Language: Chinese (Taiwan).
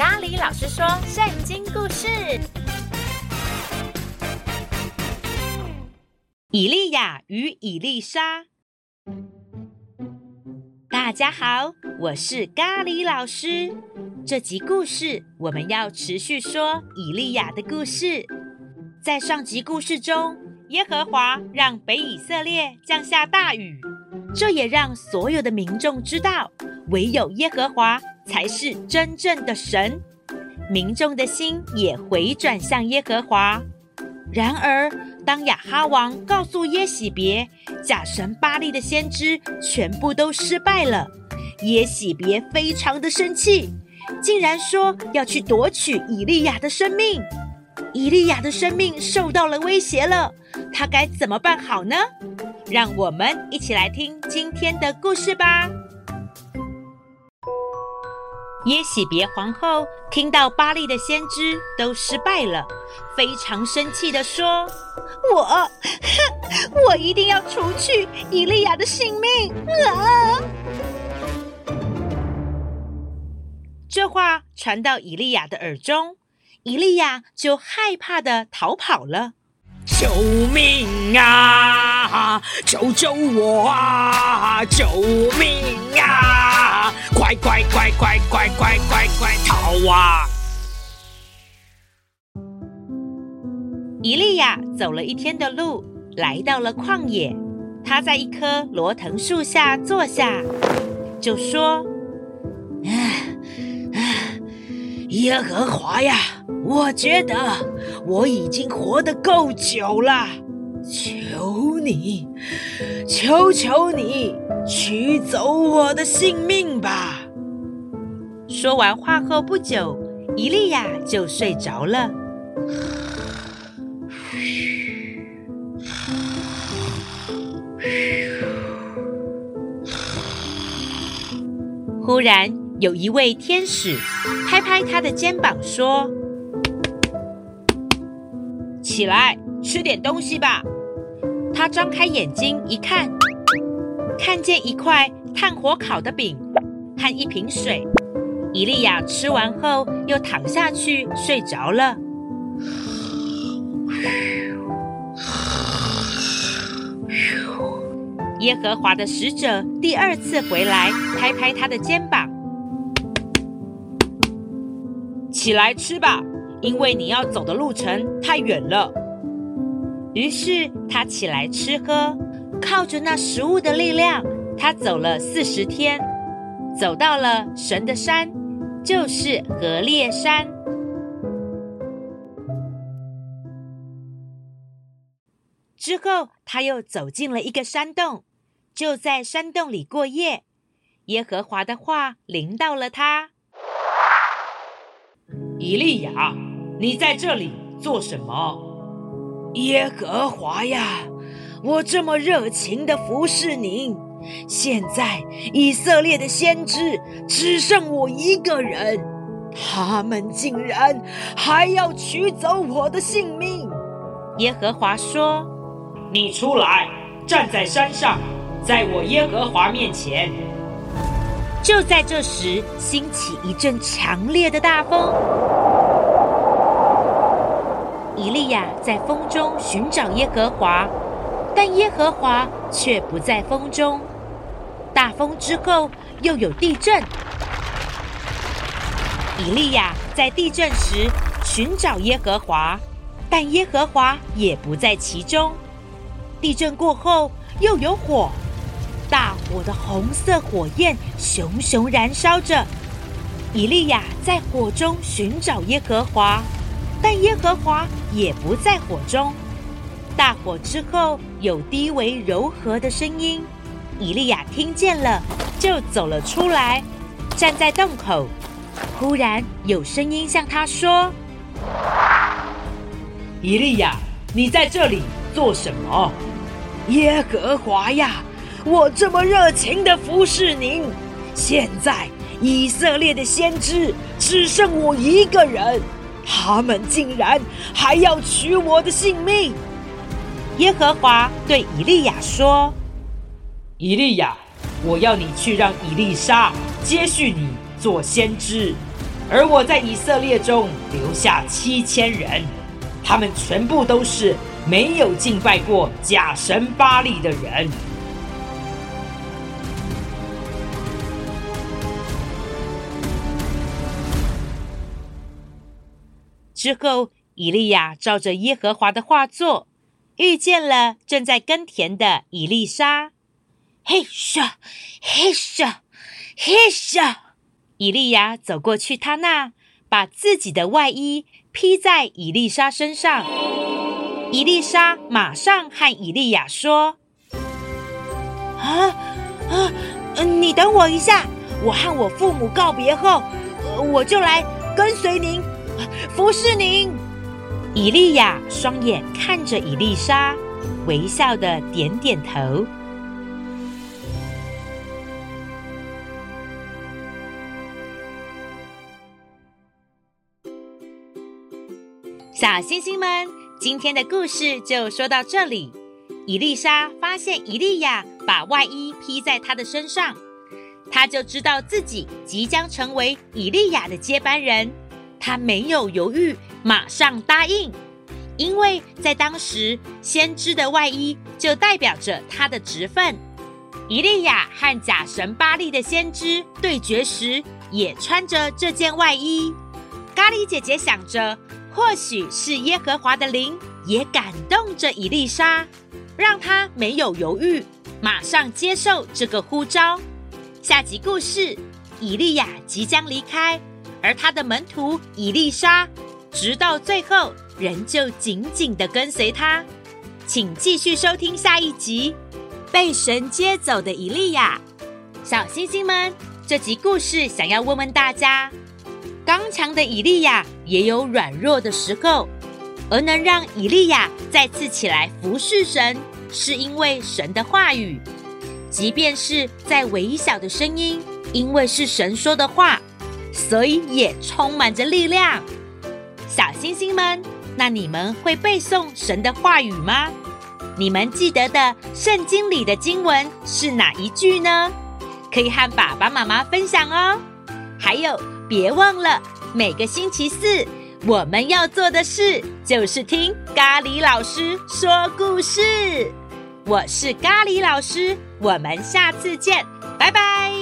咖喱老師說：“聖經故事，以利亞與以利沙。大家好，我是咖喱老師。這集故事我們要持續說以利亞的故事。在上集故事中，耶和華讓北以色列降下大雨，這也讓所有的民眾知道唯有耶和華。”才是真正的神，民眾的心也回轉向耶和華。然而，當亞哈王告訴耶洗別，假神巴力的先知全部都失敗了，耶洗別非常的生氣，竟然說要去奪取以利亞的生命。以利亞的生命受到了威脅了，他該怎麼辦好呢？讓我們一起來聽今天的故事吧。耶洗別皇后聽到巴力的先知都失敗了，非常生氣的說：“我，哼，我一定要除去以利亞的性命啊！”這話傳到以利亞的耳中，以利亞就害怕的逃跑了。救命啊！救救我啊！救命！乖，乖乖乖乖乖乖逃啊。以利亞走了一天的路，來到了曠野。他在一棵羅騰樹下坐下，就說，啊啊：“耶和華呀，我覺得我已經活得夠久了，求你，求求你，取走我的性命吧。”說完話後不久，以利亞就睡着了。忽然有一位天使拍拍他的肩膀，說：“起來吃點東西吧。”他張開眼睛一看，看見一塊炭火烤的餅和一瓶水。以利亞吃完後，又躺下去睡着了。耶和華的使者第二次回來，拍拍他的肩膀：“起來吃吧，因為你要走的路程太遠了。”於是他起來吃喝，靠着那食物的力量，他走了四十天，走到了神的山。就是何烈山。之後，他又走進了一個山洞，就在山洞裡過夜。耶和華的話臨到了他：“以利亞，你在這裡做什麼？”耶和華呀，我這麼熱情的服侍您。現在以色列的先知只剩我一個人，他們竟然還要取走我的性命。耶和華說：“你出來，站在山上，在我耶和華面前。”就在這時，興起一陣強烈的大風。以利亞在風中尋找耶和華，但耶和華卻不在風中。大風之後又有地震，以利亞在地震時尋找耶和華，但耶和華也不在其中。地震過後又有火，大火的紅色火焰熊熊燃燒着。以利亞在火中尋找耶和華，但耶和華也不在火中。大火之後有低微柔和的聲音。以利亞聽見了，就走了出來，站在洞口。忽然有聲音向他說：“以利亞，你在這裡做什麼？耶和華呀，我這麼熱情的服侍您，現在以色列的先知只剩我一個人，他們竟然還要取我的性命。”耶和華對以利亞說。以利亞，我要你去讓以利沙接續你做先知，而我在以色列中留下七千人，他們全部都是沒有敬拜過假神巴力的人。之後，以利亞照着耶和華的話作，遇見了正在耕田的以利沙。嘿咻，嘿咻，嘿咻！以利亞走過去，他那把自己的外衣披在以利沙身上。以利沙馬上和以利亞說：“啊啊、呃，你等我一下，我和我父母告別後，我就來跟隨您，服侍您。”以利亞雙眼看着以利沙，微笑的點點頭。小星星們，今天的故事就說到這裡。以利沙發現以利亞把外衣披在她的身上，她就知道自己即將成為以利亞的接班人。她沒有猶豫，馬上答應，因為在當時，先知的外衣就代表着他的職分。以利亞和假神巴力的先知對決時，也穿着這件外衣。咖哩姐姐想着。或許是耶和華的靈也感動着以利沙，讓他沒有猶豫，馬上接受這個呼召。下集故事，以利亞即將離開，而他的門徒以利沙直到最後仍舊緊緊的跟隨他。請繼續收聽下一集《被神接走的以利亞》。小星星們，這集故事想要問問大家。剛強的以利亞也有軟弱的時候，而能讓以利亞再次起來服侍神，是因為神的話語，即便是再微小的聲音，因為是神說的話，所以也充滿着力量。小星星們，那你們會背誦神的話語嗎？你們記得的聖經裡的經文是哪一句呢？可以和爸爸媽媽分享哦。還有。別忘了，每個星期四我們要做的事就是聽咖喱老師說故事。我是咖喱老師，我們下次見，拜拜。